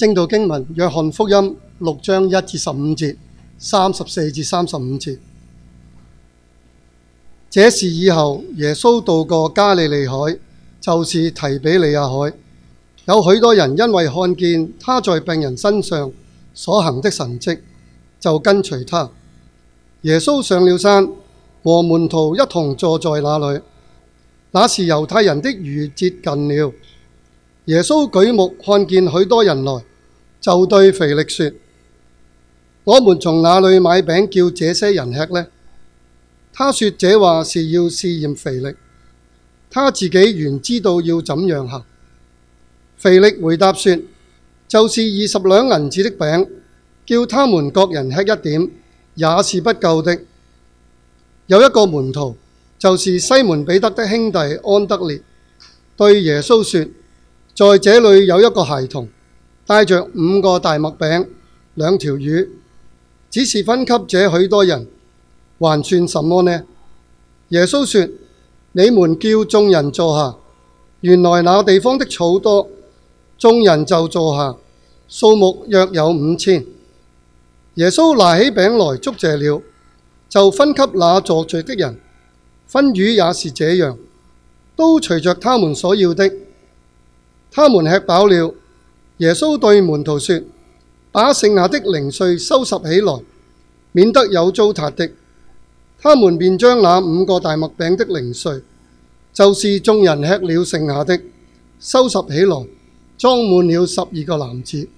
正道經文《約翰福音》六章一至十五節，三十四至三十五節。這事以後耶穌到過加利利海，就是提比利亞海，有許多人因為看見他在病人身上所行的神蹟，就跟隨他。耶穌上了山，和門徒一同坐在那裏。那時猶太人的逾節近了，耶穌舉目看見許多人來。就對腓力說：我們從哪裏買餅叫這些人吃呢？他說這話是要試驗腓力，他自己原知道要怎樣行。腓力回答說：就是二十兩銀子的餅，叫他們各人吃一點，也是不夠的。有一個門徒，就是西門彼得的兄弟安德烈，對耶穌說：在這裏有一個孩童。帶着五個大麥餅、兩條魚，只是分給這許多人，還算什麼呢？耶穌說：你們叫眾人坐下，原來那地方的草多，眾人就坐下，數目約有五千。耶穌拿起餅來祝謝了，就分給那坐著的人，分魚也是這樣，都隨着他們所要的。他們吃飽了。耶穌對門徒說：把剩下的零碎收拾起來，免得有糟蹋的。他們便將那五個大麥餅的零碎，就是眾人吃了剩下的，收拾起來，裝滿了十二個籃子。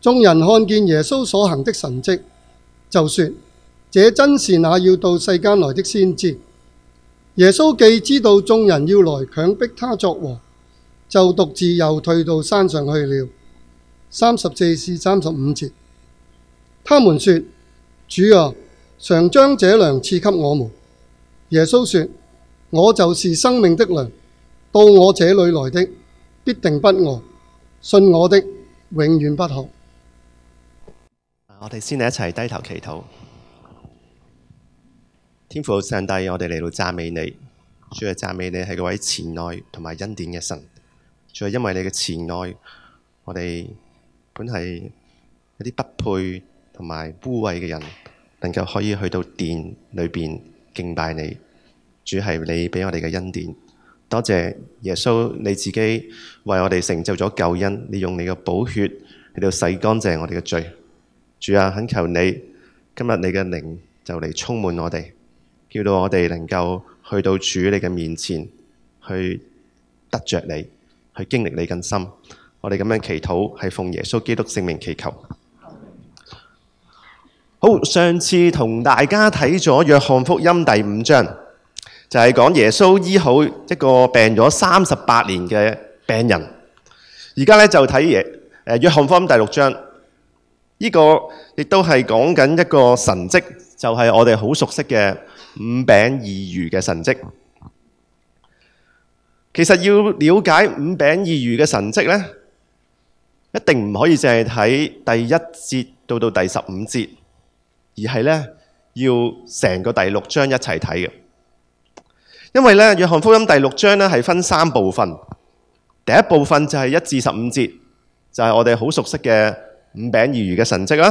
眾人看見耶穌所行的神蹟，就說：這真是那要到世間來的先知。耶穌既知道眾人要來強逼他作王，就獨自又退到山上去了。三十四至三十五節，他們說：主啊，常將這糧賜給我們。耶穌說：我就是生命的糧，到我這裏來的必定不餓，信我的永遠不渴。我哋先嚟一齊低頭祈禱。天父上帝，我哋嚟到讚美你，主要讚美你係個位慈愛同埋恩典嘅神。就係因為你嘅慈愛，我哋本係一啲不配同埋污穢嘅人，能夠可以去到殿裏面敬拜你。主係你畀我哋嘅恩典，多謝耶穌你自己為我哋成就咗救恩。你用你嘅寶血嚟到洗乾淨我哋嘅罪。主啊，懇求你今日你嘅靈就嚟充滿我哋，叫到我哋能夠去到主你嘅面前去得着你，去經歷你更深，我哋咁樣祈禱，係奉耶穌基督聖名祈求。好，上次同大家睇咗約翰福音第五章，就係、是、講耶穌醫好一個病咗三十八年嘅病人。而家咧就睇耶誒約翰福音第六章，呢、這個亦都係講緊一個神蹟，就係、是、我哋好熟悉嘅五餅二魚嘅神蹟。其實要了解五餅二魚嘅神蹟呢，一定唔可以淨係睇第一節到到第十五節，而係呢要成個第六章一齊睇。因為呢約翰福音第六章呢係分三部分，第一部分就係一至十五節，就係我哋好熟悉嘅五餅二魚嘅神蹟啦。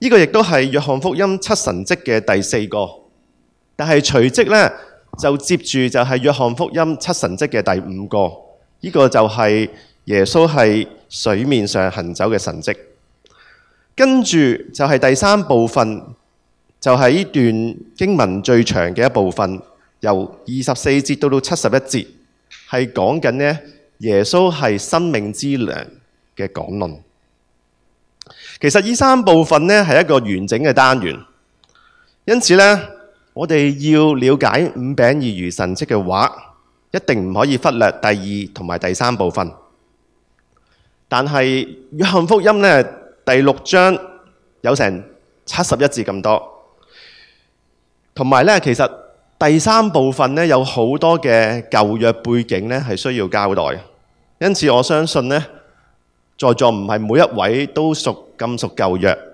呢個亦都係約翰福音七神蹟嘅第四個，但係隨即呢。就接住就係約翰福音七神蹟嘅第五個，呢個就係耶穌係水面上行走嘅神蹟。跟住就係第三部分，就係呢段經文最長嘅一部分，由二十四節到到七十一節，係講緊呢：「耶穌係生命之糧」嘅講論。其實呢三部分呢，係一個完整嘅單元，因此呢。我哋要了解五餅二魚神蹟嘅話，一定唔可以忽略第二同埋第三部分。但係約翰福音呢第六章有成七十一字咁多，同埋呢，其實第三部分呢有好多嘅舊約背景呢，係需要交代。因此我相信呢，在座唔係每一位都熟咁熟舊約。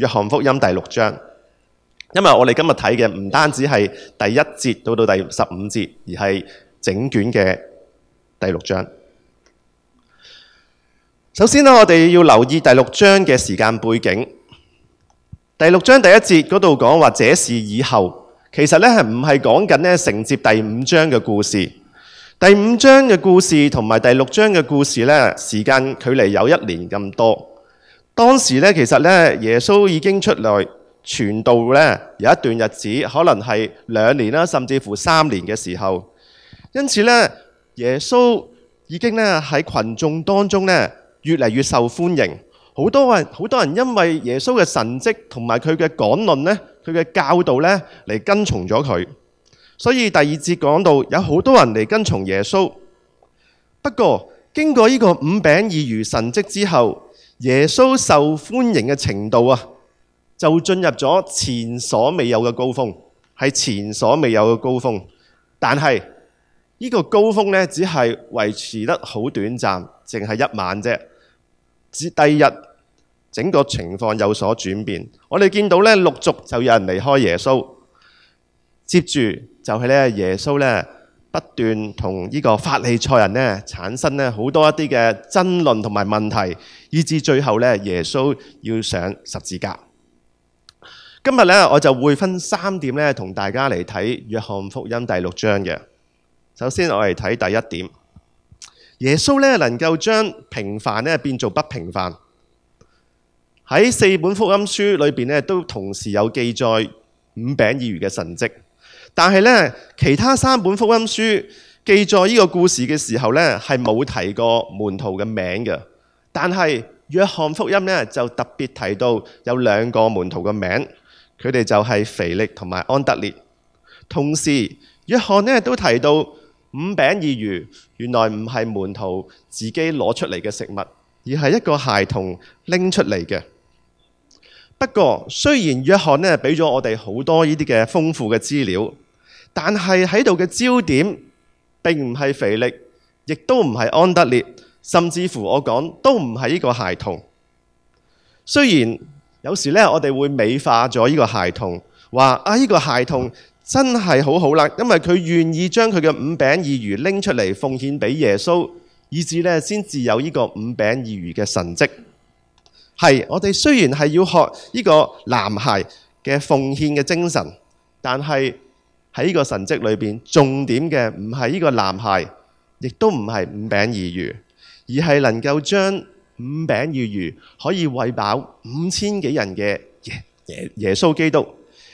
約翰福音第六章，因為我哋今日睇嘅唔單止係第一節到到第十五節，而係整卷嘅第六章。首先，我哋要留意第六章嘅時間背景。第六章第一節嗰度講話這事以後，其實呢係唔係講緊承接第五章嘅故事。第五章嘅故事同埋第六章嘅故事呢，時間距離有一年咁多。當時咧，其實咧，耶穌已經出來傳道咧，有一段日子，可能係兩年啦，甚至乎三年嘅時候。因此咧，耶穌已經咧喺群眾當中咧，越嚟越受歡迎。好多人好多人因為耶穌嘅神迹同埋佢嘅講論咧，佢嘅教導咧，嚟跟從咗佢。所以第二節講到有好多人嚟跟從耶穌。不過經過呢個五餅二魚神迹之後，耶穌受歡迎嘅程度啊，就進入咗前所未有嘅高峰，係前所未有嘅高峰。但係呢個高峰呢，只係維持得好短暫，淨係一晚啫。至第二日，日，整個情況有所轉變，我哋見到呢，陸續就有人離開耶穌，接住就係呢耶穌呢。不斷同呢個法利賽人呢產生呢好多一啲嘅爭論同埋問題，以致最後呢耶穌要上十字架。今日呢，我就會分三點呢同大家嚟睇約翰福音第六章嘅。首先我嚟睇第一點，耶穌呢能夠將平凡呢變做不平凡。喺四本福音書裏面呢，呢都同時有記載五餅二魚嘅神蹟。但係咧，其他三本福音書記載呢個故事嘅時候咧，係冇提過門徒嘅名嘅。但係約翰福音咧就特別提到有兩個門徒嘅名，佢哋就係腓力同埋安德烈。同時約翰咧都提到五餅二魚，原來唔係門徒自己攞出嚟嘅食物，而係一個孩童拎出嚟嘅。不過，雖然約翰呢俾咗我哋好多呢啲嘅豐富嘅資料，但係喺度嘅焦點並唔係腓力，亦都唔係安德烈，甚至乎我講都唔係呢個孩童。雖然有時呢，我哋會美化咗呢個孩童，話啊呢個孩童真係好好啦，因為佢願意將佢嘅五餅二魚拎出嚟奉獻俾耶穌，以至呢先至有呢個五餅二魚嘅神蹟。係，我哋雖然係要學呢個男孩嘅奉獻嘅精神，但係喺呢個神蹟裏邊，重點嘅唔係呢個男孩，亦都唔係五餅二魚，而係能夠將五餅二魚可以餵飽五千幾人嘅耶耶耶穌基督，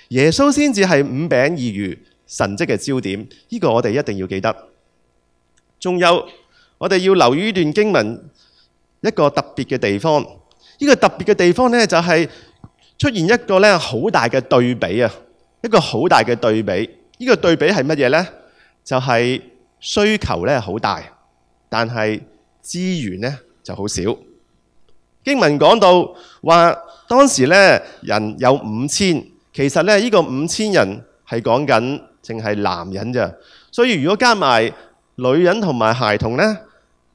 耶穌先至係五餅二魚神蹟嘅焦點，呢個我哋一定要記得。仲有，我哋要留意呢段經文一個特別嘅地方。呢個特別嘅地方咧，就係出現一個咧好大嘅對比啊！一個好大嘅對比，呢個對比係乜嘢咧？就係需求咧好大，但係資源咧就好少。經文講到話，當時咧人有五千，其實咧呢個五千人係講緊淨係男人咋，所以如果加埋女人同埋孩童咧，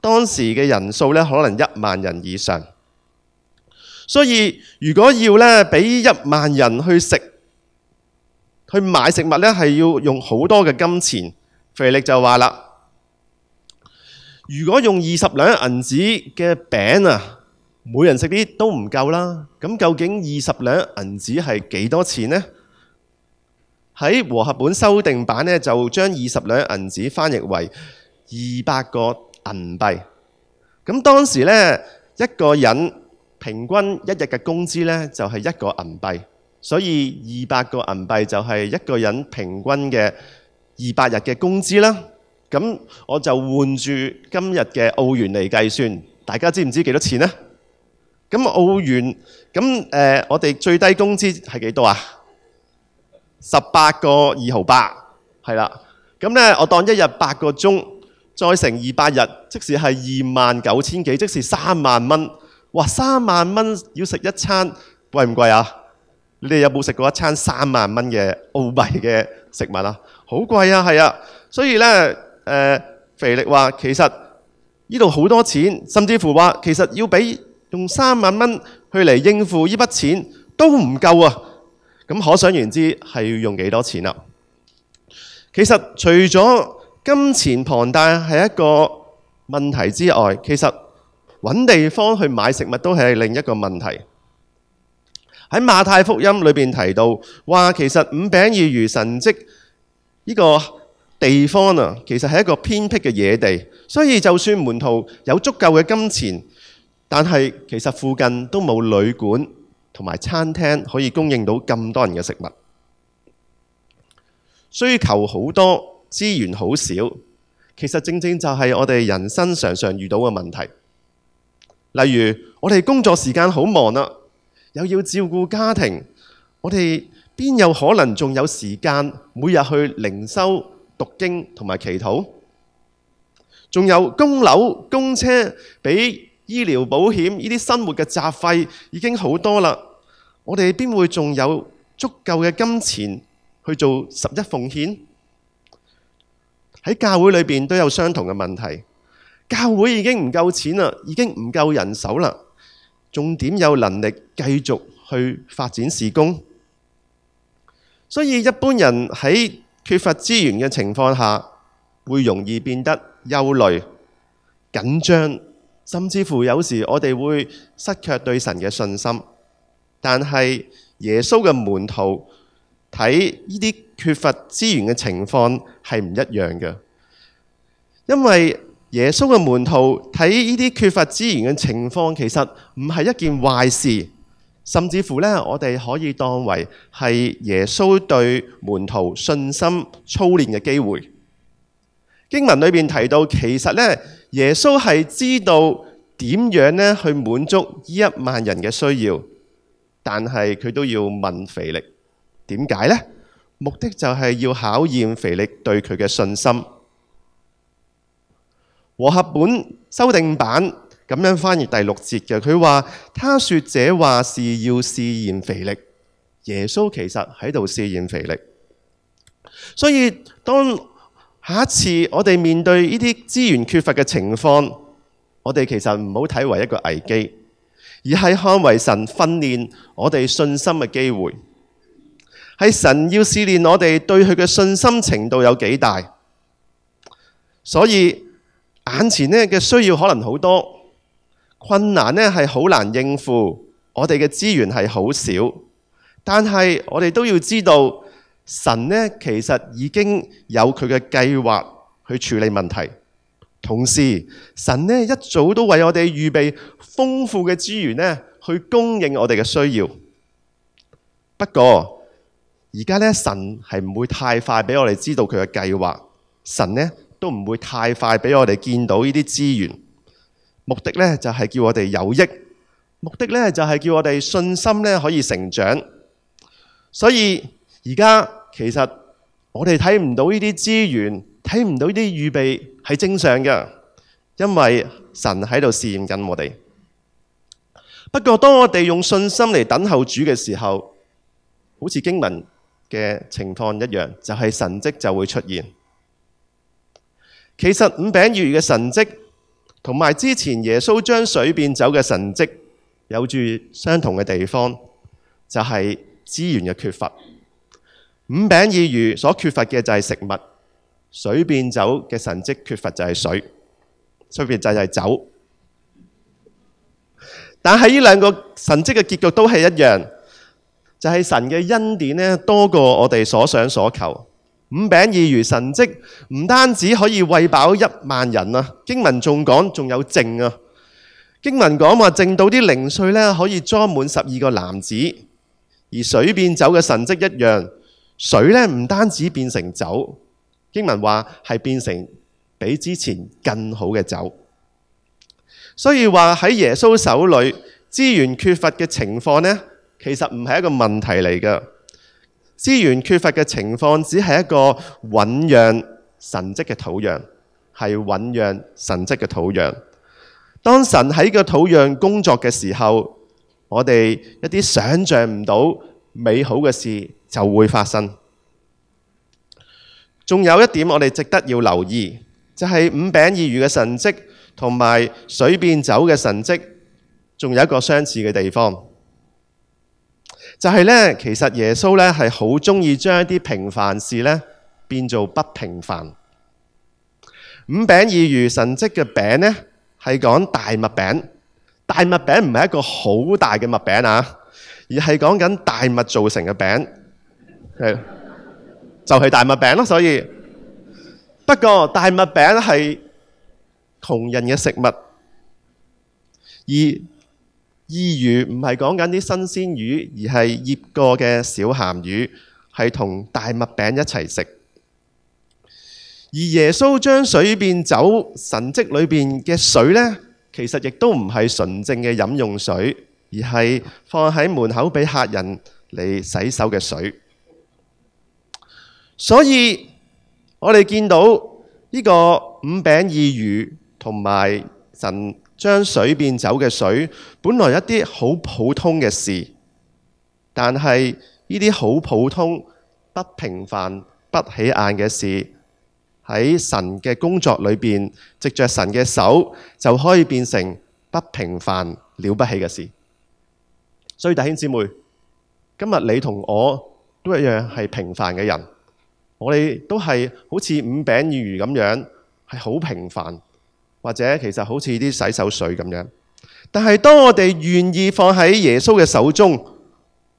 當時嘅人數咧可能一萬人以上。所以如果要咧俾一萬人去食、去買食物咧，係要用好多嘅金錢。腓力就話啦：如果用二十兩銀子嘅餅啊，每人食啲都唔夠啦。咁究竟二十兩銀子係幾多錢呢？喺和合本修訂版咧，就將二十兩銀子翻譯為二百個銀幣。咁當時咧，一個人，平均一日嘅工資呢，就係一個銀幣，所以二百個銀幣就係一個人平均嘅二百日嘅工資啦。咁我就換住今日嘅澳元嚟計算，大家知唔知幾多錢呢？咁澳元咁誒，我哋最低工資係幾多啊？十八個二毫八係啦。咁咧，我當一日八個鐘，再乘二百日，即係係二萬九千幾，即係三萬蚊。哇！三萬蚊要食一餐，貴唔貴啊？你哋有冇食過一餐三萬蚊嘅澳幣嘅食物啊？好貴啊，係啊！所以呢、呃，肥力話其實呢度好多錢，甚至乎話其實要俾用三萬蚊去嚟應付呢筆錢都唔夠啊！咁可想而知係要用幾多錢啊？其實除咗金錢龐大係一個問題之外，其實揾地方去買食物都係另一個問題在。喺馬太福音裏面提到，話其實五餅二魚神蹟呢個地方啊，其實係一個偏僻嘅野地，所以就算門徒有足夠嘅金錢，但係其實附近都冇旅館同埋餐廳可以供應到咁多人嘅食物。需求好多，資源好少，其實正正就係我哋人生常常遇到嘅問題。例如，我哋工作時間好忙呀，又要照顧家庭，我哋邊有可能仲有時間每日去靈修、讀經同埋祈禱？仲有供樓、供車、俾醫療保險，呢啲生活嘅雜費已經好多啦，我哋邊會仲有足夠嘅金錢去做十一奉獻？喺教會裏邊都有相同嘅問題。教會已經唔夠錢啦，已經唔夠人手啦，仲點有能力繼續去發展事工？所以一般人喺缺乏資源嘅情況下，會容易變得憂慮、緊張，甚至乎有時我哋會失卻對神嘅信心。但係耶穌嘅門徒睇呢啲缺乏資源嘅情況係唔一樣嘅，因為，耶穌嘅門徒睇呢啲缺乏資源嘅情況，其實唔係一件壞事，甚至乎呢，我哋可以當為係耶穌對門徒信心操練嘅機會。經文裏面提到，其實呢，耶穌係知道點樣去滿足一萬人嘅需要，但係佢都要問腓力，點解呢？目的就係要考驗腓力對佢嘅信心。和合本修訂版咁樣翻譯第六節嘅，佢話他說這話是要試驗腓力，耶穌其實喺度試驗腓力，所以當下一次我哋面對呢啲資源缺乏嘅情況，我哋其實唔好睇為一個危機，而係看為神訓練我哋信心嘅機會，係神要試煉我哋對佢嘅信心程度有幾大，所以。眼前呢嘅需要可能好多，困難呢係好難應付，我哋嘅資源係好少，但係我哋都要知道，神呢其實已經有佢嘅計劃去處理問題，同時神呢一早都為我哋預備豐富嘅資源呢去供應我哋嘅需要。不過而家呢神係唔會太快畀我哋知道佢嘅計劃，神呢，都唔會太快俾我哋見到呢啲資源，目的呢就係叫我哋有益，目的呢就係叫我哋信心呢可以成長。所以而家其實我哋睇唔到呢啲資源，睇唔到呢啲預備係正常嘅，因為神喺度試驗緊我哋。不過當我哋用信心嚟等候主嘅時候，好似經文嘅情況一樣，就係神蹟就會出現。其實五餅二魚嘅神蹟，同埋之前耶穌將水變酒嘅神蹟有住相同嘅地方，就係資源嘅缺乏。五餅二魚所缺乏嘅就係食物，水變酒嘅神蹟缺乏就係水，順便就係酒。但係呢兩個神蹟嘅結局都係一樣，就係神嘅恩典呢多過我哋所想所求。五餅二魚神迹唔單止可以餵飽一萬人啊！經文仲講仲有淨啊！經文講話淨到啲零碎呢可以裝滿十二個籃子。而水變酒嘅神迹一樣，水呢唔單止變成酒，經文話係變成比之前更好嘅酒。所以話喺耶穌手裏資源缺乏嘅情況呢，其實唔係一個問題嚟㗎。資源缺乏嘅情況，只係一個醖釀神跡嘅土壤，係醖釀神跡嘅土壤。當神喺個土壤工作嘅時候，我哋一啲想像唔到美好嘅事就會發生。仲有一點，我哋值得要留意，就係、是、五餅二魚嘅神跡同埋水變酒嘅神跡，仲有一個相似嘅地方。就係呢，其實耶穌呢係好鍾意將一啲平凡事呢變做不平凡。五餅二魚神蹟嘅餅呢，係講大麥餅，大麥餅唔係一個好大嘅麥餅啊，而係講緊大麥做成嘅餅，係，就係大麥餅咯。所以不過大麥餅係窮人嘅食物，而二魚唔係講緊啲新鮮魚，而係醃過嘅小鹹魚，係同大麥餅一齊食。而耶穌將水變酒神蹟裏邊嘅水呢，其實亦都唔係純正嘅飲用水，而係放喺門口俾客人嚟洗手嘅水。所以我哋見到呢個五餅二魚同埋神。將水變酒嘅水，本來一啲好普通嘅事，但係呢啲好普通，不平凡、不起眼嘅事，喺神嘅工作裏邊，藉着神嘅手，就可以變成不平凡、了不起嘅事。所以弟兄姊妹，今日你同我都一樣係平凡嘅人，我哋都係好似五餅二魚咁樣，係好平凡。或者其實好似啲洗手水咁樣，但係當我哋願意放喺耶穌嘅手中，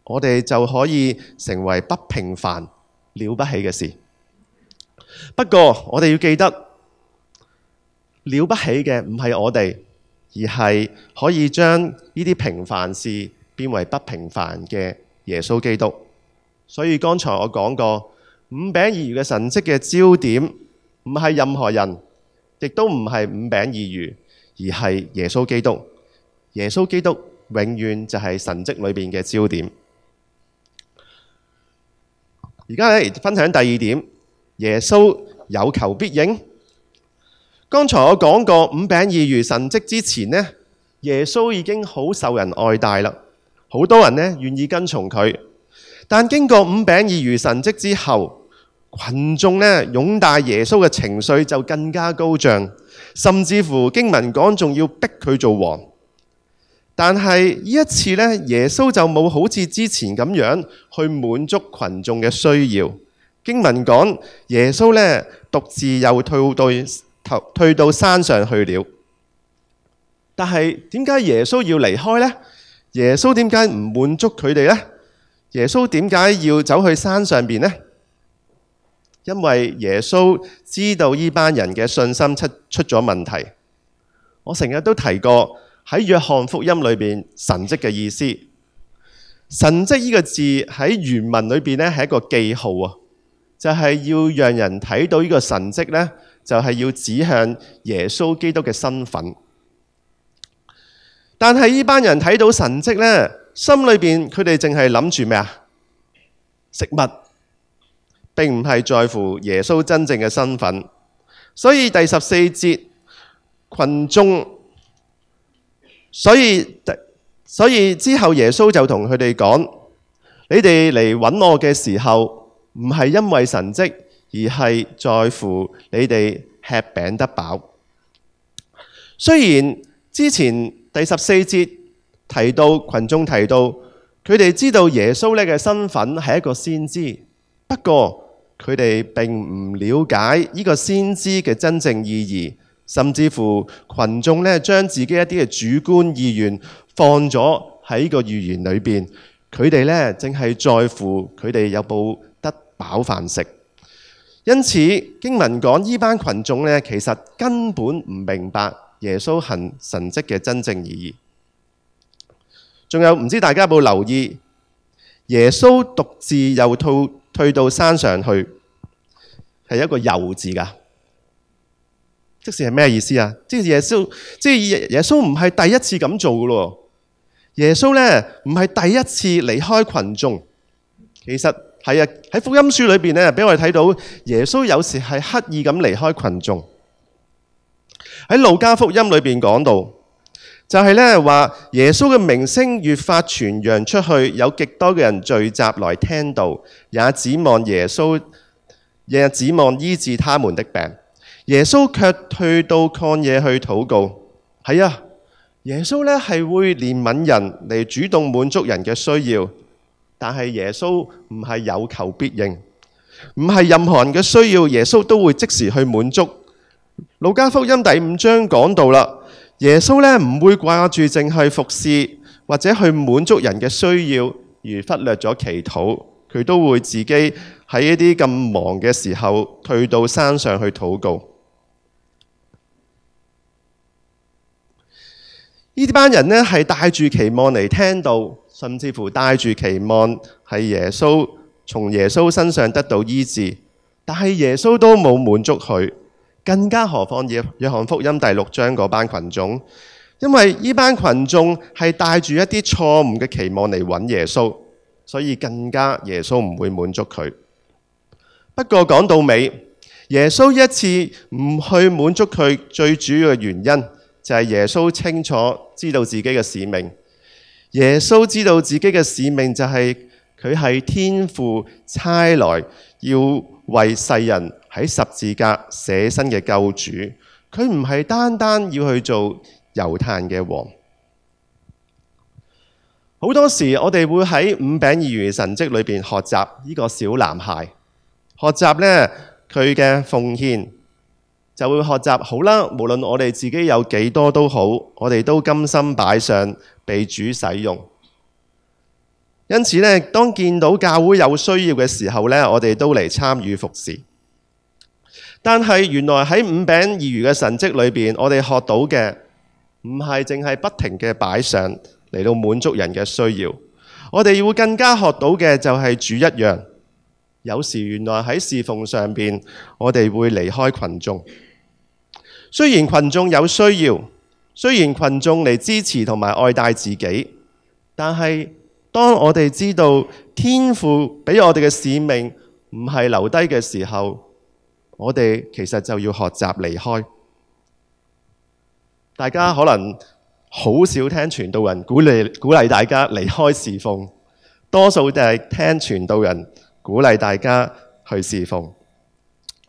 我哋就可以成為不平凡、了不起嘅事。不過我哋要記得，了不起嘅唔係我哋，而係可以將呢啲平凡事變為不平凡嘅耶穌基督。所以剛才我講過，五餅二魚嘅神跡嘅焦點唔係任何人。亦都唔係五餅二魚，而係耶穌基督。耶穌基督永遠就係神跡裏邊嘅焦點。而家咧，分享第二點，耶穌有求必應。剛才我講過五餅二魚神跡之前呢，耶穌已經好受人愛戴啦，好多人呢願意跟從佢。但經過五餅二魚神跡之後，羣眾呢擁戴耶穌嘅情緒就更加高漲，甚至乎經文講仲要逼佢做王。但係呢一次呢，耶穌就冇好似之前咁樣去滿足羣眾嘅需要。經文講耶穌呢，獨自又退到頭退到山上去了。但係點解耶穌要離開呢？耶穌點解唔滿足佢哋呢？耶穌點解要走去山上邊呢？因為耶穌知道呢班人嘅信心出出咗問題，我成日都提過喺約翰福音裏邊神跡嘅意思。神跡呢個字喺原文裏邊呢係一個記號啊，就係要讓人睇到呢個神跡呢，就係要指向耶穌基督嘅身份。但係呢班人睇到神跡呢，心裏邊佢哋淨係諗住咩啊？食物。並唔係在乎耶穌真正嘅身份，所以第十四節群眾，所以所以之後耶穌就同佢哋講：你哋嚟搵我嘅時候，唔係因為神跡，而係在乎你哋吃餅得飽。雖然之前第十四節提到群眾提到佢哋知道耶穌呢嘅身份係一個先知，不過。佢哋並唔了解呢個先知嘅真正意義，甚至乎群眾呢將自己一啲嘅主觀意願放咗喺個預言裏邊。佢哋呢，淨係在乎佢哋有冇得飽飯食。因此經文講呢班群眾呢，其實根本唔明白耶穌行神跡嘅真正意義。仲有唔知大家有冇留意，耶穌獨自又套。退到山上去，係一個遊字噶。即是，係咩意思啊？即係耶穌，即是耶穌唔係第一次咁做噶。耶穌呢唔係第一次離開群眾。其實係啊，喺福音書裏面咧，俾我哋睇到耶穌有時係刻意咁離開群眾。喺路加福音裏面講到。就係咧話，耶穌嘅名聲越發傳揚出去，有極多嘅人聚集來聽道，也指望耶穌，也指望醫治他們的病。耶穌卻退到曠野去禱告。係啊，耶穌咧係會憐憫人嚟主動滿足人嘅需要，但係耶穌唔係有求必應，唔係任何人嘅需要，耶穌都會即時去滿足。《路加福音》第五章講到啦。耶穌呢唔會掛住淨係服侍，或者去滿足人嘅需要而忽略咗祈禱，佢都會自己喺一啲咁忙嘅時候退到山上去禱告。呢班人呢係帶住期望嚟聽道，甚至乎帶住期望喺耶穌，從耶穌身上得到醫治，但係耶穌都冇滿足佢。更加何況約，約翰福音第六章嗰班群眾，因為呢班群眾係帶住一啲錯誤嘅期望嚟揾耶穌，所以更加耶穌唔會滿足佢。不過講到尾，耶穌一次唔去滿足佢，最主要嘅原因就係耶穌清楚知道自己嘅使命。耶穌知道自己嘅使命，就係佢係天父差來要為世人，喺十字架捨身嘅救主，佢唔係單單要去做猶太嘅王。好多時我哋會喺五餅二魚神蹟裏邊學習呢個小男孩，學習呢，佢嘅奉獻，就會學習好啦。無論我哋自己有幾多都好，我哋都甘心擺上被主使用。因此呢，當見到教會有需要嘅時候呢，我哋都嚟參與服侍。但係原來喺五餅二魚嘅神蹟裏邊，我哋學到嘅唔係淨係不停嘅擺上嚟，到滿足人嘅需要，我哋會更加學到嘅就係主一樣。有時原來喺侍奉上邊，我哋會離開群眾。雖然群眾有需要，雖然群眾嚟支持同埋愛戴自己，但係當我哋知道天父俾我哋嘅使命唔係留低嘅時候。我哋其實就要學習離開。大家可能好少聽傳道人鼓勵鼓勵大家離開侍奉，多數就係聽傳道人鼓勵大家去侍奉。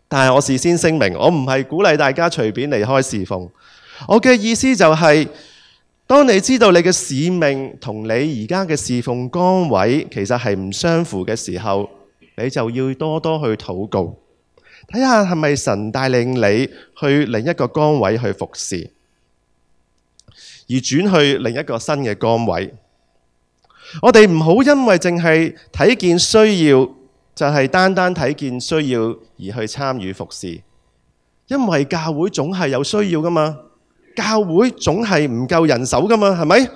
但係我事先聲明，我唔係鼓勵大家隨便離開侍奉。我嘅意思就係，當你知道你嘅使命同你而家嘅侍奉崗位其實係唔相符嘅時候，你就要多多去禱告。睇下係咪神帶領你去另一個崗位去服侍，而轉去另一個新嘅崗位。我哋唔好因為淨係睇見需要，就係單單睇見需要而去參與服侍，因為教會總係有需要噶嘛，教會總係唔夠人手噶嘛，係咪？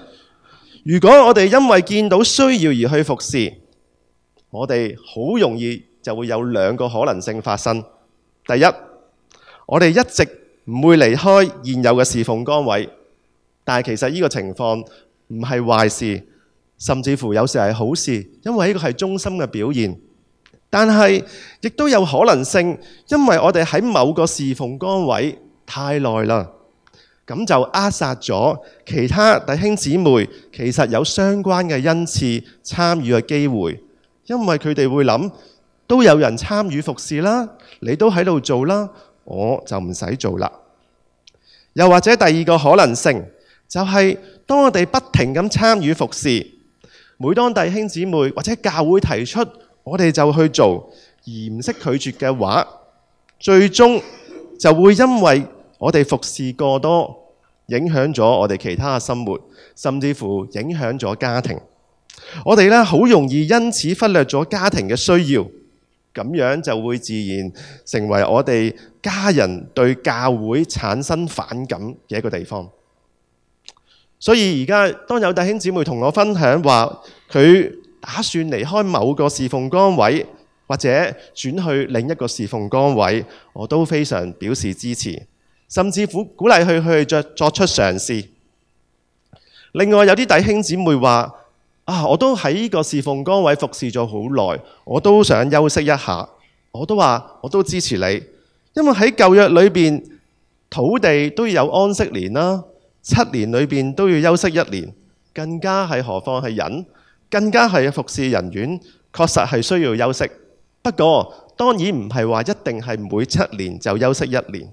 如果我哋因為見到需要而去服侍，我哋好容易就會有兩個可能性發生。第一，我哋一直唔會離開現有嘅侍奉崗位，但其實呢個情況唔係壞事，甚至乎有時係好事，因為呢個係忠心嘅表現。但係亦都有可能性，因為我哋喺某個侍奉崗位太耐啦，咁就扼殺咗其他弟兄姊妹其實有相關嘅恩賜參與嘅機會，因為佢哋會諗。都有人參與服侍啦，你都喺度做啦，我就唔使做啦。又或者第二個可能性就係，當我哋不停咁參與服侍，每當弟兄姊妹或者教會提出，我哋就去做，而唔識拒絕嘅話，最終就會因為我哋服侍過多，影響咗我哋其他嘅生活，甚至乎影響咗家庭。我哋咧好容易因此忽略咗家庭嘅需要。咁樣就會自然成為我哋家人對教會產生反感嘅一個地方。所以而家當有弟兄姊妹同我分享話佢打算離開某個侍奉崗位，或者轉去另一個侍奉崗位，我都非常表示支持，甚至鼓鼓勵佢去作出嘗試。另外有啲弟兄姊妹話。啊！我都喺呢個侍奉崗位服侍咗好耐，我都想休息一下。我都話我都支持你，因為喺舊約裏邊，土地都要有安息年啦，七年裏邊都要休息一年。更加係何況係人，更加係服侍人員，確實係需要休息。不過當然唔係話一定係每七年就休息一年，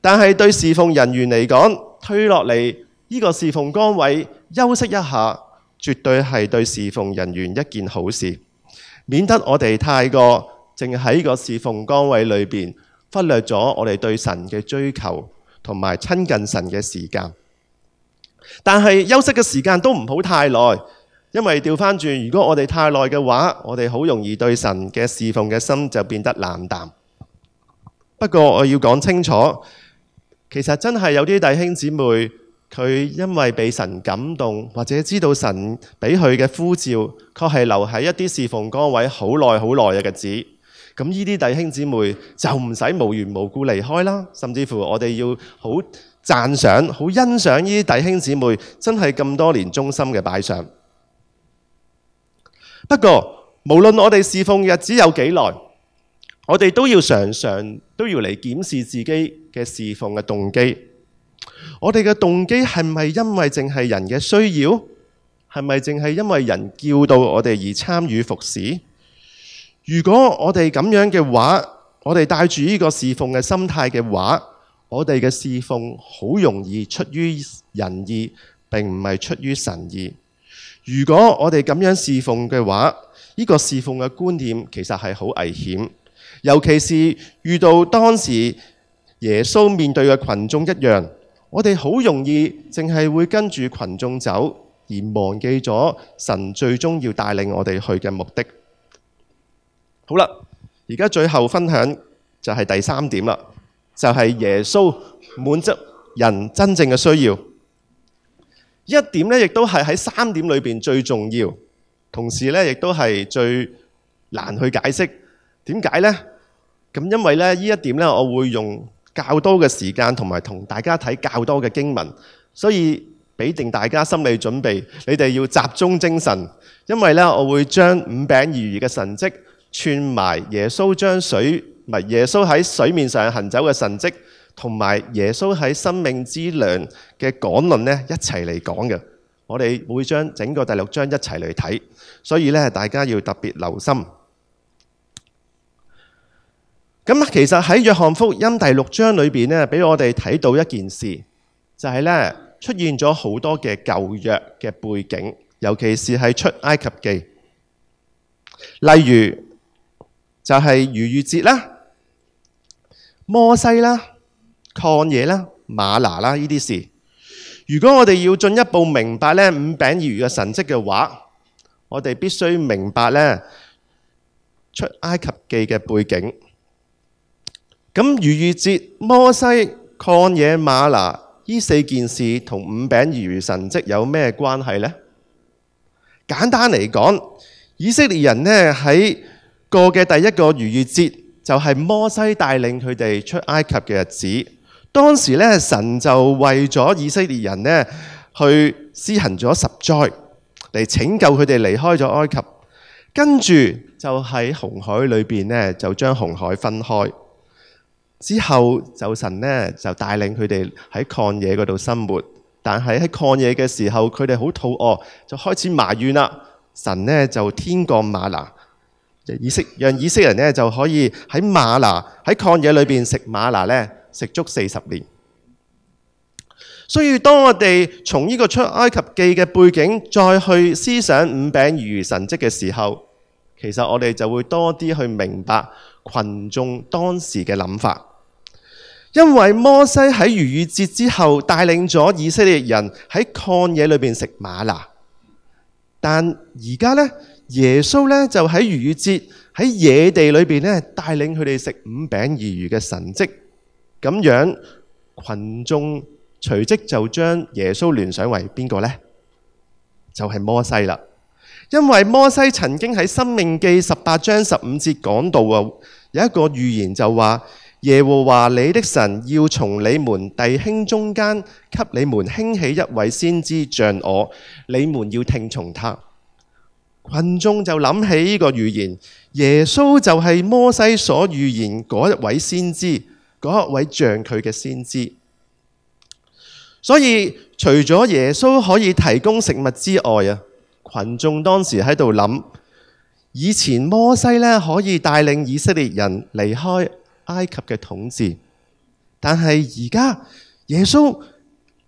但係對侍奉人員嚟講，推落嚟呢個侍奉崗位休息一下。絕對係對侍奉人員一件好事，免得我哋太過淨係喺個侍奉崗位裏面忽略咗我哋對神嘅追求同埋親近神嘅時間。但係休息嘅時間都唔好太耐，因為掉返轉，如果我哋太耐嘅話，我哋好容易對神嘅侍奉嘅心就變得冷淡。不過我要講清楚，其實真係有啲弟兄姊妹。佢因為被神感動，或者知道神畀佢嘅呼召，確係留喺一啲侍奉崗位好耐好耐嘅日子。咁呢啲弟兄姊妹就唔使無緣無故離開啦。甚至乎我哋要好讚賞、好欣賞呢啲弟兄姊妹，真係咁多年忠心嘅擺上。不過，無論我哋侍奉日子有幾耐，我哋都要常常都要嚟檢視自己嘅侍奉嘅動機。我哋嘅動機係咪因為淨係人嘅需要？係咪淨係因為人叫到我哋而參與服侍？如果我哋咁樣嘅話，我哋帶住呢個侍奉嘅心態嘅話，我哋嘅侍奉好容易出於人意，並唔係出於神意。如果我哋咁樣侍奉嘅話，呢個侍奉嘅觀念其實係好危險，尤其是遇到當時耶穌面對嘅群眾一樣。我哋好容易淨係會跟住群眾走，而忘記咗神最終要帶領我哋去嘅目的。好啦，而家最後分享就係第三點啦，就係耶穌滿足人真正嘅需要。呢一點咧，亦都係喺三點裏邊最重要，同時咧，亦都係最難去解釋。點解咧？咁因為咧，呢一點咧，我會用。較多的時間，同埋同大家睇較多嘅經文。所以，畀定大家心理準備，你哋要集中精神。因為呢，我會將五餅二魚嘅神跡，串埋耶穌將水，唔係耶穌喺水面上行走嘅神跡，同埋耶穌喺生命之糧嘅講論呢，一齊嚟講㗎。我哋會將整個第六章一齊嚟睇。所以呢，大家要特別留心。咁其實喺約翰福音第六章裏面呢，咧，俾我哋睇到一件事，就係、是、咧出現咗好多嘅舊約嘅背景，尤其是係出埃及記，例如就係逾越節啦、摩西啦、曠野啦、馬拿啦呢啲事。如果我哋要進一步明白咧五餅二魚嘅神跡嘅話，我哋必須明白咧出埃及記嘅背景。咁逾越節、摩西、曠野、馬拿，呢四件事同五餅逾越神跡有咩關係呢？簡單嚟講，以色列人呢喺過嘅第一個逾越節，就係、是、摩西帶領佢哋出埃及嘅日子。當時呢，神就為咗以色列人呢去施行咗十災嚟拯救佢哋離開咗埃及。跟住就喺紅海裏邊呢，就將紅海分開。之後就神呢就帶領佢哋喺曠野嗰度生活，但係喺曠野嘅時候佢哋好肚餓，就開始埋怨啦。神呢就天降瑪拿，讓以色列人呢就可以喺瑪拿喺曠野裏邊食瑪拿咧食足四十年。所以當我哋從呢個出埃及記嘅背景再去思想五餅二魚神蹟嘅時候，其實我哋就會多啲去明白群眾當時嘅諗法。因為摩西喺逾越節之後帶領咗以色列人喺曠野裏邊食瑪拿，但而家咧耶穌咧就喺逾越節喺野地裏邊咧帶領佢哋食五餅二魚嘅神蹟，咁樣群眾隨即就將耶穌聯想為邊個呢？就係、是、摩西啦，因為摩西曾經喺《申命記》十八章十五節講到啊，有一個預言就話。耶和華你的神要從你們弟兄中間給你們興起一位先知像我，你們要聽從他。群眾就諗起呢個預言，耶穌就係摩西所預言嗰一位先知，嗰一位像佢嘅先知。所以除咗耶穌可以提供食物之外啊，群眾當時喺度諗，以前摩西咧可以帶領以色列人離開。埃及嘅統治，但係而家耶穌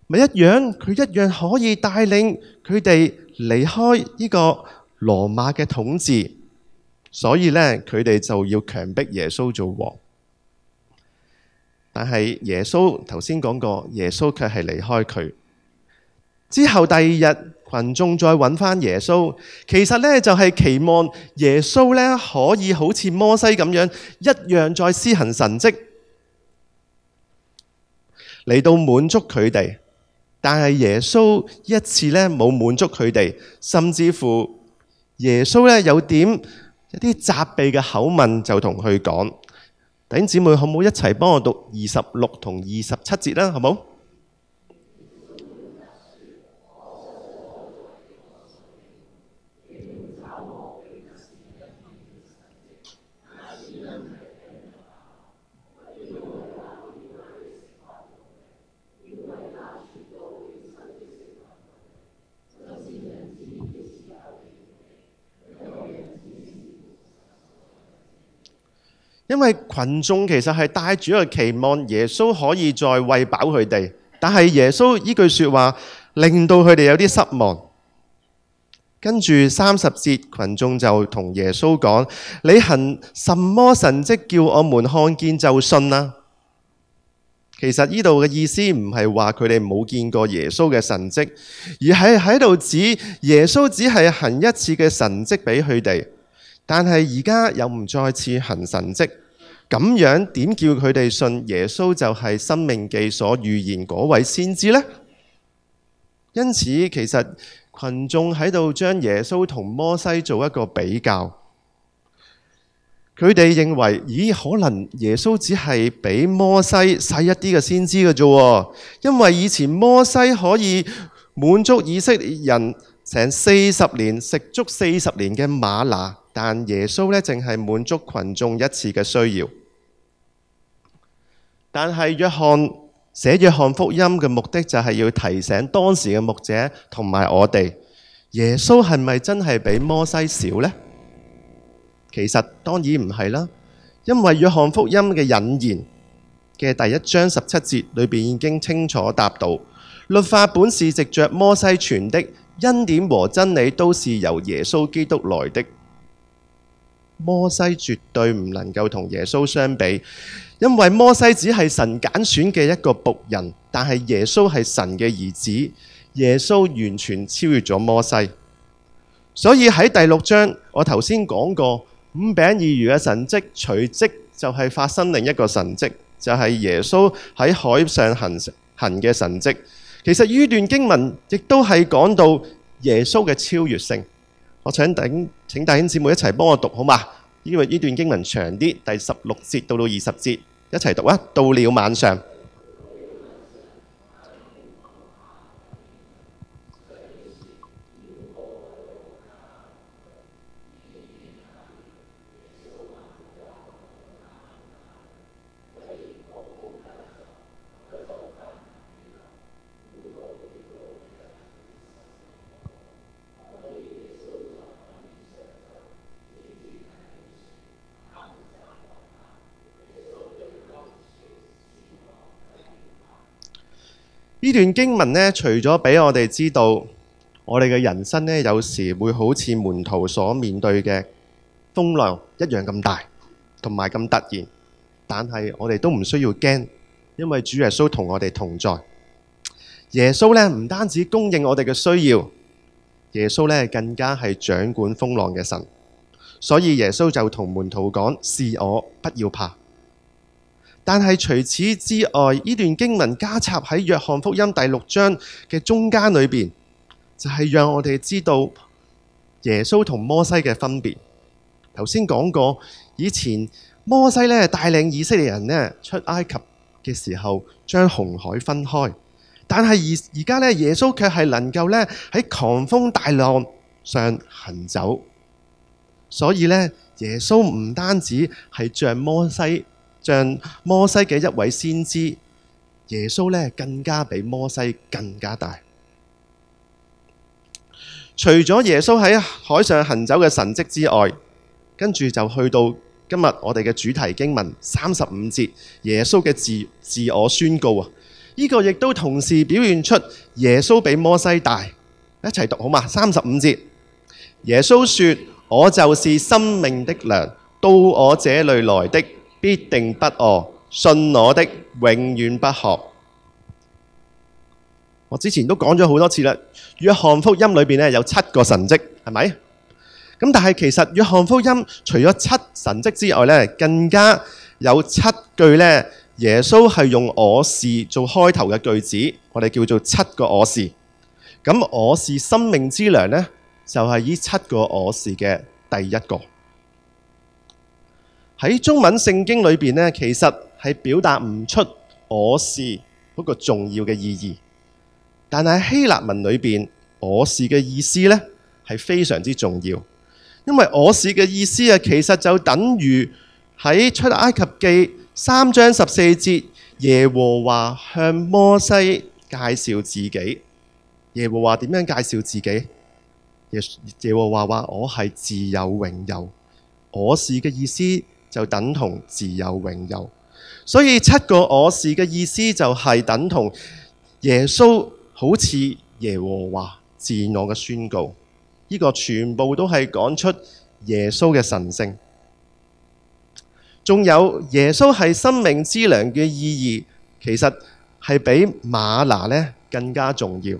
咪一樣，佢一樣可以帶領佢哋離開呢個羅馬嘅統治，所以咧佢哋就要強迫耶穌做王。但係耶穌頭先講過，耶穌卻係離開佢之後第二日。群眾再揾翻耶穌，其實呢就係期望耶穌呢可以好似摩西咁樣，一樣再施行神蹟嚟到滿足佢哋。但係耶穌一次呢冇滿足佢哋，甚至乎耶穌呢有點一啲責備嘅口吻，就同佢講：弟兄姊妹，好冇一齊幫我讀二十六同二十七節啦，好冇？因為群眾其實係帶住一個期望，耶穌可以再喂飽佢哋，但係耶穌依句說話令到佢哋有啲失望。跟住三十節，群眾就同耶穌講：你行什麼神蹟，叫我們看見就信啦，啊？其實呢度嘅意思唔係話佢哋冇見過耶穌嘅神蹟，而係喺度指耶穌只係行一次嘅神蹟俾佢哋，但係而家又唔再次行神蹟。咁樣點叫佢哋信耶穌就係《申命記》所預言嗰位先知呢？因此，其實群眾喺度將耶穌同摩西做一個比較，佢哋認為，咦，可能耶穌只係比摩西細一啲嘅先知嘅啫。因為以前摩西可以滿足以色列人成四十年食足四十年嘅瑪拿，但耶穌呢淨係滿足群眾一次嘅需要。但係約翰寫約翰福音嘅目的就係要提醒當時嘅牧者，同埋我哋，耶穌係咪真係比摩西少呢？其實當然唔係啦，因為約翰福音嘅引言嘅第一章十七節裏邊已經清楚答到，律法本是藉着摩西傳的，恩典和真理都是由耶穌基督來的。摩西絕對唔能夠同耶穌相比。因為摩西只係神揀選嘅一個僕人，但係耶穌係神嘅兒子，耶穌完全超越咗摩西。所以喺第六章，我頭先講過五餅二魚嘅神跡，隨即就係發生另一個神跡，就係、是、耶穌喺海上行行嘅神跡。其實呢段經文亦都係講到耶穌嘅超越性。我請大兄請弟兄姊妹一齊幫我讀好嘛？因為呢段經文長啲，第十六節到到二十節。一齊讀啊！到了晚上。呢段經文呢，除咗畀我哋知道我哋嘅人生呢，有時會好似門徒所面對嘅風浪一樣咁大，同埋咁突然，但係我哋都唔需要驚，因為主耶穌同我哋同在。耶穌呢唔單止供應我哋嘅需要，耶穌呢更加係掌管風浪嘅神。所以耶穌就同門徒講：「是我，不要怕。」但係除此之外，呢段經文加插喺約翰福音第六章嘅中間裏面，就係、是、讓我哋知道耶穌同摩西嘅分別。頭先講過，以前摩西咧帶領以色列人出埃及嘅時候，將紅海分開。但係而而家咧，耶穌卻係能夠咧喺狂風大浪上行走。所以咧，耶穌唔單止係像摩西。像摩西嘅一位先知，耶穌咧更加比摩西更加大。除咗耶穌喺海上行走嘅神蹟之外，跟住就去到今日我哋嘅主題經文三十五節，耶穌嘅自自我宣告啊！呢個亦都同時表現出耶穌比摩西大。一齊讀好嘛？三十五節，耶穌說：我就是生命的糧，到我這裡來的。必定不餓，信我的永遠不渴。我之前都講咗好多次啦。約翰福音裏邊咧有七個神蹟，係咪？咁但係其實約翰福音除咗七神蹟之外咧，更加有七句咧耶穌係用我是做開頭嘅句子，我哋叫做七個我是。咁我是生命之糧咧，就係呢七個我是嘅第一個。喺中文聖經裏面呢，其實係表達唔出我是嗰個重要嘅意義。但係希臘文裏面「我是」嘅意思呢，係非常之重要，因為我是嘅意思啊，其實就等於喺出埃及記三章十四節，耶和華向摩西介紹自己。耶和華點樣介紹自己？耶和華話：我係自有永有。我是嘅意思。就等同自有永有，所以七個我是嘅意思就係等同耶穌，好似耶和華自我嘅宣告。呢、這個全部都係講出耶穌嘅神聖。仲有耶穌係生命之糧嘅意義，其實係比馬拿咧更加重要。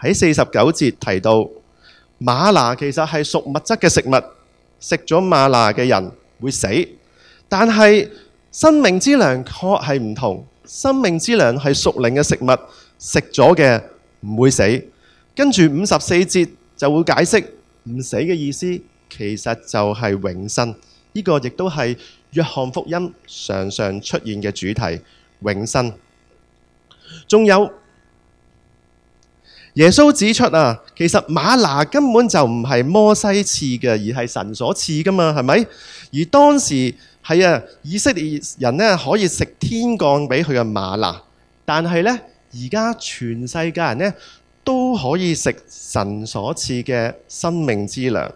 喺四十九節提到馬拿其實係屬物質嘅食物。食咗麻辣嘅人會死，但係生命之糧確係唔同。生命之糧係屬靈嘅食物，食咗嘅唔會死。跟住五十四節就會解釋唔死嘅意思，其實就係永生。呢個亦都係約翰福音常常出現嘅主題——永生。仲有耶穌指出啊，其實嗎哪根本就唔係摩西賜嘅，而係神所賜㗎嘛，係咪？而當時係啊，以色列人可以食天降俾佢嘅嗎哪，但係呢，而家全世界人呢都可以食神所賜嘅生命之糧，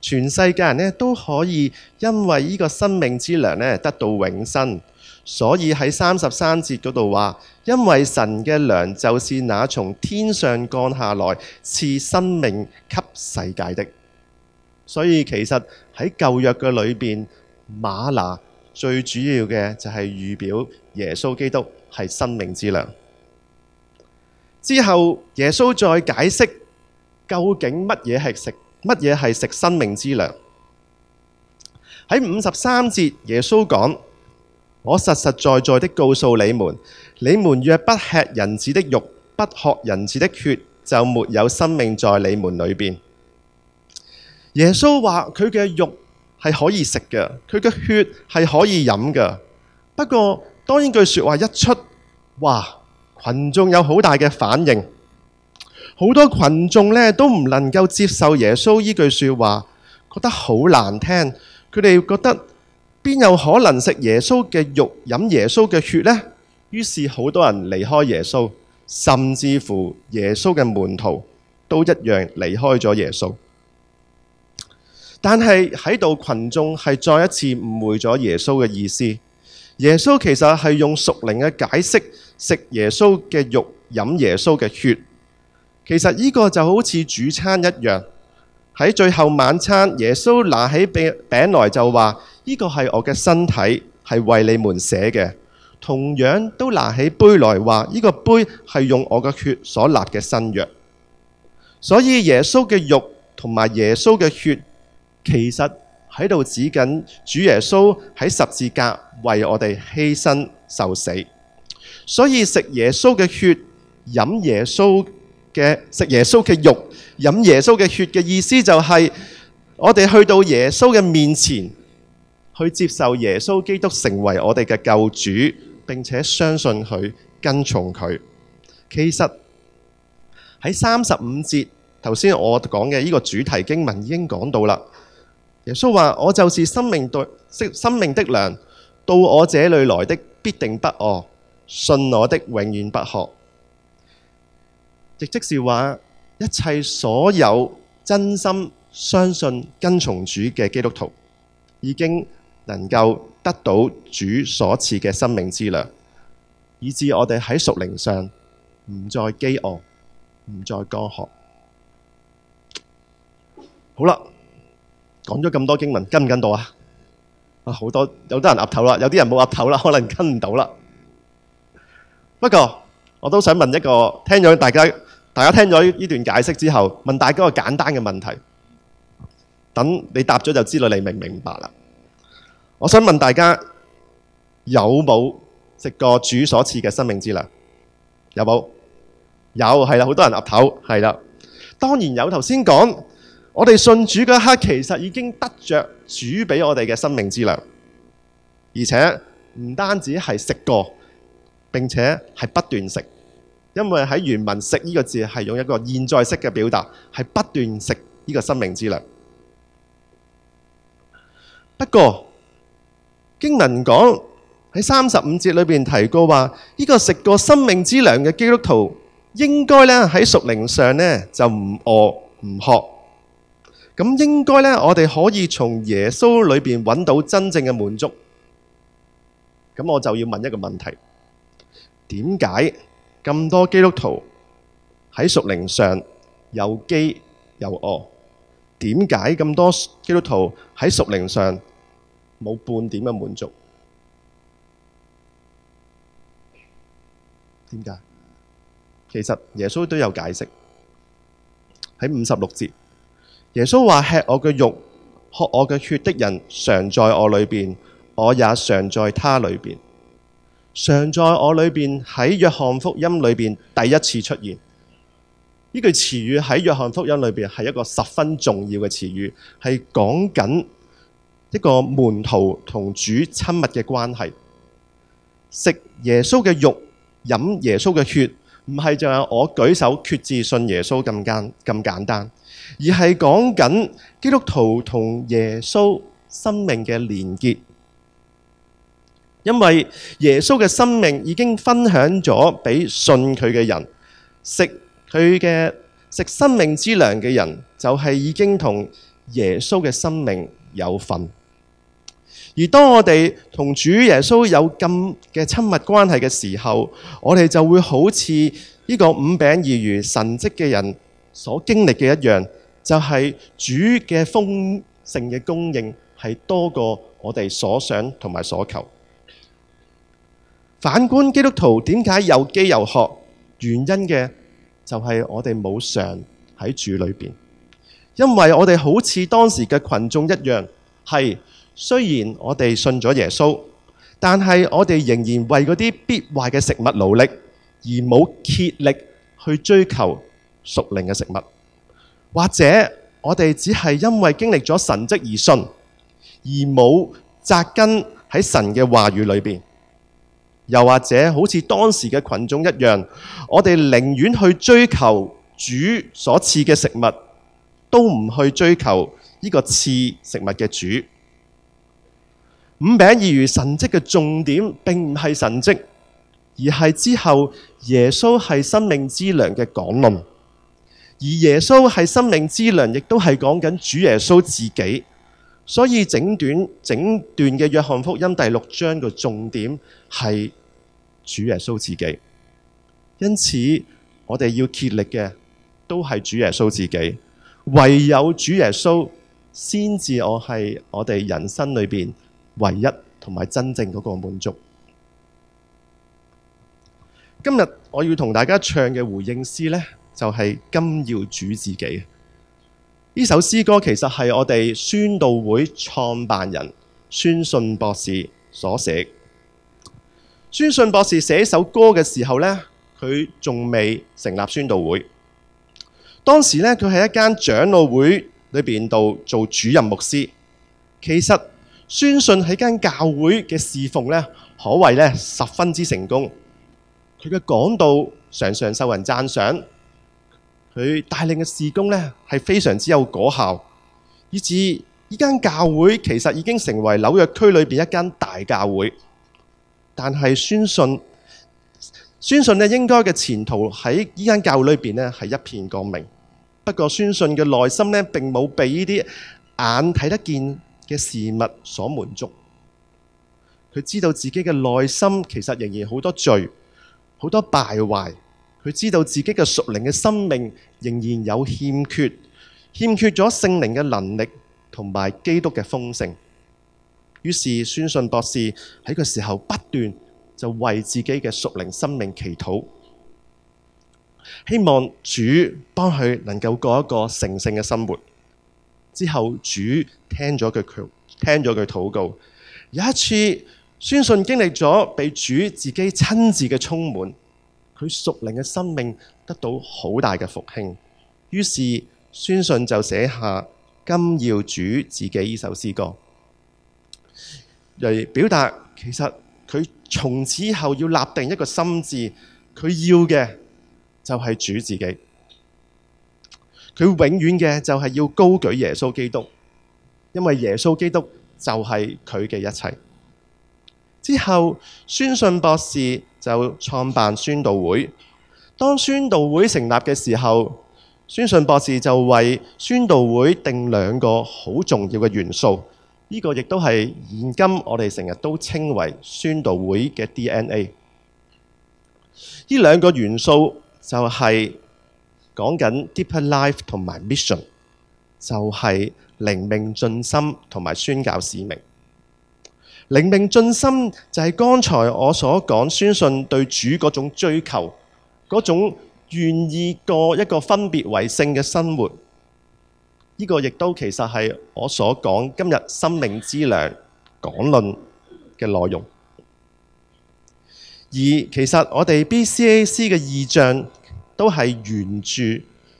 全世界人呢都可以因為呢個生命之糧得到永生，所以喺三十三節嗰度話。因為神嘅糧就是那從天上降下來賜生命給世界的。所以其實喺舊約嘅裏邊，瑪拿最主要嘅就係預表耶穌基督係生命之糧。之後耶穌再解釋究竟乜嘢係食乜嘢係食生命之糧。喺五十三節，耶穌講。我實實在在的告訴你們，你們若不吃人子的肉，不喝人子的血，就沒有生命在你們裏邊。耶穌話佢嘅肉係可以食嘅，佢嘅血係可以飲嘅。不過，當呢句說話一出，哇，群眾有好大嘅反應，好多群眾呢都唔能夠接受耶穌呢句說話，覺得好難聽，佢哋覺得。邊有可能食耶穌嘅肉，飲耶穌嘅血呢？於是好多人離開耶穌，甚至乎耶穌嘅門徒都一樣離開咗耶穌。但係喺度群眾係再一次誤會咗耶穌嘅意思。耶穌其實係用屬靈嘅解釋食耶穌嘅肉，飲耶穌嘅血。其實呢個就好似主餐一樣，喺最後晚餐耶穌拿起餅餅來就話。呢、這個係我嘅身體，係為你們寫嘅。同樣都拿起杯來說，話、這、呢個杯係用我嘅血所立嘅新約。所以耶穌嘅肉同埋耶穌嘅血，其實喺度指緊主耶穌喺十字架為我哋犧牲受死。所以食耶穌嘅血、飲耶穌嘅、食耶穌嘅肉、飲耶穌嘅血嘅意思、就是，就係我哋去到耶穌嘅面前。去接受耶穌基督成為我哋嘅救主，並且相信佢，跟從佢。其實喺三十五節頭先我講嘅呢個主題經文已經講到啦。耶穌話：我就是生命對，生命的糧。到我這裏來的必定不餓，信我的永遠不渴。亦即是話一切所有真心相信跟從主嘅基督徒已經，能夠得到主所賜嘅生命之糧，以致我哋喺屬靈上唔再飢餓，唔再乾渴。好啦，講咗咁多經文，跟唔跟到啊？啊，好多有啲人鴨頭岌頭啦，有啲人冇岌頭啦，可能跟唔到啦。不過我都想問一個，聽咗大家大家聽咗呢段解釋之後，問大家個簡單嘅問題，等你答咗就知道你明唔明白啦。我想問大家有冇食過主所賜嘅生命之糧？有冇？有，係啦，好多人岌頭係啦。當然有，頭先講我哋信主嗰刻，其實已經得着主俾我哋嘅生命之糧，而且唔單止係食過，並且係不斷食，因為喺原文食呢個字係用一個現在式嘅表達，係不斷食呢個生命之糧。不過。經文講喺三十五節裏邊提過話，呢個食過生命之糧嘅基督徒應該咧喺屬靈上咧就唔餓唔渴，咁應該咧我哋可以從耶穌裏邊揾到真正嘅滿足。咁我就要問一個問題：點解咁多基督徒喺屬靈上又飢又餓？點解咁多基督徒喺屬靈上？冇半點嘅滿足，點解？其實耶穌都有解釋，喺五十六節，耶穌話：吃我嘅肉，喝我嘅血的人，常在我裏邊，我也常在他裏邊。常在我裏邊喺約翰福音裏邊第一次出現，呢句詞語喺約翰福音裏邊係一個十分重要嘅詞語，係講緊。一個門徒同主親密嘅關係，食耶穌嘅肉，飲耶穌嘅血，唔係就係我舉手決志信耶穌咁簡咁簡單，而係講緊基督徒同耶穌生命嘅連結。因為耶穌嘅生命已經分享咗俾信佢嘅人，食佢嘅、食生命之糧嘅人，就係已經同耶穌嘅生命有份。而當我哋同主耶穌有咁嘅親密關係嘅時候，我哋就會好似呢個五餅二魚神跡嘅人所經歷嘅一樣，就係、是、主嘅豐盛嘅供應係多過我哋所想同埋所求。反觀基督徒點解又饑又渴？原因嘅就係我哋冇常喺主裏邊，因為我哋好似當時嘅群眾一樣係，是雖然我哋信咗耶穌，但係我哋仍然為嗰啲必壞嘅食物努力，而冇竭力去追求屬靈嘅食物，或者我哋只係因為經歷咗神蹟而信，而冇扎根喺神嘅話語裏面。又或者好似當時嘅群眾一樣，我哋寧願去追求主所賜嘅食物，都唔去追求呢個賜食物嘅主。五餅二魚神蹟嘅重點，並唔係神蹟，而係之後耶穌係生命之糧嘅講論。而耶穌係生命之糧，亦都係講緊主耶穌自己。所以整段整段嘅約翰福音第六章嘅重點係主耶穌自己。因此我哋要竭力嘅都係主耶穌自己，唯有主耶穌先至，我係我哋人生裏邊。唯一同埋真正嗰個滿足。今日我要同大家唱嘅回應詩咧，就係《金耀主自己》。呢首詩歌其實係我哋宣道會創辦人宣信博士所寫。宣信博士寫首歌嘅時候咧，佢仲未成立宣道會，當時咧，佢喺一間長老會裏邊度做主任牧師，其實。宣信喺間教會嘅侍奉咧，可謂咧十分之成功。佢嘅講道常常受人讚賞，佢帶領嘅事工咧係非常之有果效，以至呢間教會其實已經成為紐約區裏邊一間大教會。但係宣信，宣信咧應該嘅前途喺呢間教會裏邊咧係一片光明。不過宣信嘅內心呢，並冇俾呢啲眼睇得見。嘅事物所滿足，佢知道自己嘅內心其實仍然好多罪，好多敗壞。佢知道自己嘅屬靈嘅生命仍然有欠缺，欠缺咗聖靈嘅能力同埋基督嘅豐盛。於是宣信博士喺個時候不斷就為自己嘅屬靈生命祈禱，希望主幫佢能夠過一個成聖嘅生活。之後主聽咗佢聽咗佢禱告，有一次宣信經歷咗被主自己親自嘅充滿，佢屬靈嘅生命得到好大嘅復興，於是宣信就寫下《今要主自己》呢首詩歌嚟表達，其實佢從此後要立定一個心志，佢要嘅就係主自己。佢永遠嘅就係要高舉耶穌基督，因為耶穌基督就係佢嘅一切。之後，宣信博士就創辦宣道會。當宣道會成立嘅時候，宣信博士就為宣道會定兩個好重要嘅元素。呢、這個亦都係現今我哋成日都稱為宣道會嘅 DNA。呢兩個元素就係、是。講緊 deeper life 同埋 mission，就係靈命進深同埋宣教使命。靈命進深就係剛才我所講宣信對主嗰種追求，嗰種願意過一個分別為聖嘅生活。呢、這個亦都其實係我所講今日生命之糧講論嘅內容。而其實我哋 BCAC 嘅異象，都係沿住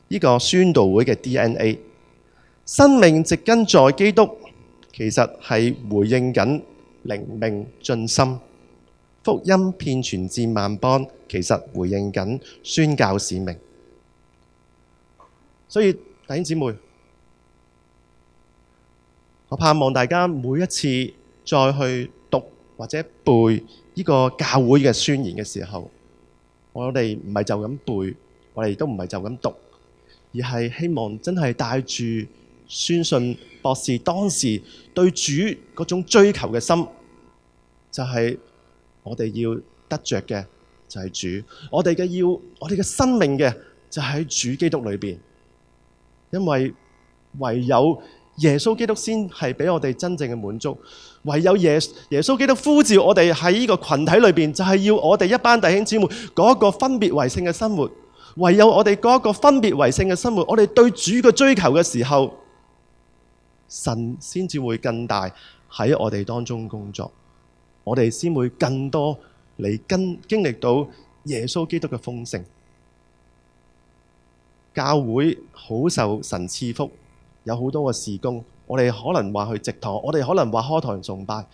呢個宣道會嘅 DNA，生命植根在基督，其實係回應緊靈命進心；福音遍傳至萬邦，其實回應緊宣教使命。所以弟兄姊妹，我盼望大家每一次再去讀或者背呢個教會嘅宣言嘅時候。我哋唔係就咁背，我哋亦都唔係就咁讀，而係希望真係帶住宣信博士當時對主嗰種追求嘅心，就係、是、我哋要得着嘅就係、是、主，我哋嘅要我哋嘅生命嘅就喺、是、主基督裏面，因為唯有耶穌基督先係俾我哋真正嘅滿足。唯有耶耶穌基督呼召我哋喺呢個群體裏面，就係要我哋一班弟兄姊妹嗰、那個分別為聖嘅生活。唯有我哋嗰個，個分別為聖嘅生活，我哋對主嘅追求嘅時候，神先至會更大喺我哋當中工作。我哋先會更多嚟跟經歷到耶穌基督嘅豐盛。教會好受神賜福，有好多嘅事工。我哋可能話去植堂，我哋可能話開堂崇拜，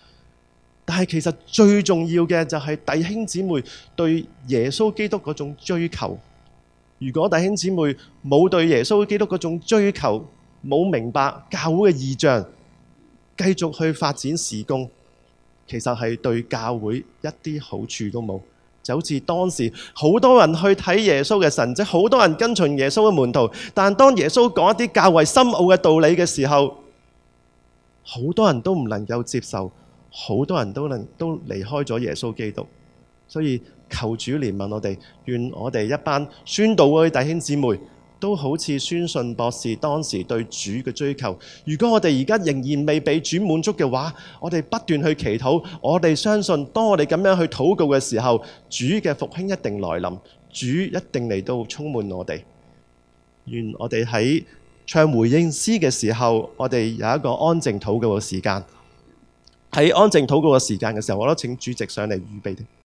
但係其實最重要嘅就係弟兄姊妹對耶穌基督嗰種追求。如果弟兄姊妹冇對耶穌基督嗰種追求，冇明白教會嘅意象，繼續去發展事工，其實係對教會一啲好處都冇，就好似當時好多人去睇耶穌嘅神蹟，好多人跟隨耶穌嘅門徒，但係當耶穌講一啲較為深奧嘅道理嘅時候。好多人都唔能夠接受，好多人都能都離開咗耶穌基督，所以求主憐憫我哋，願我哋一班宣道嘅弟兄姊妹都好似宣信博士當時對主嘅追求。如果我哋而家仍然未被主滿足嘅話，我哋不斷去祈禱。我哋相信當我哋咁樣去禱告嘅時候，主嘅復興一定來臨，主一定嚟到充滿我哋。願我哋喺唱回應詩嘅時候，我哋有一個安靜禱告嘅時間。喺安靜禱告嘅時間嘅時候，我哋請主席上嚟預備。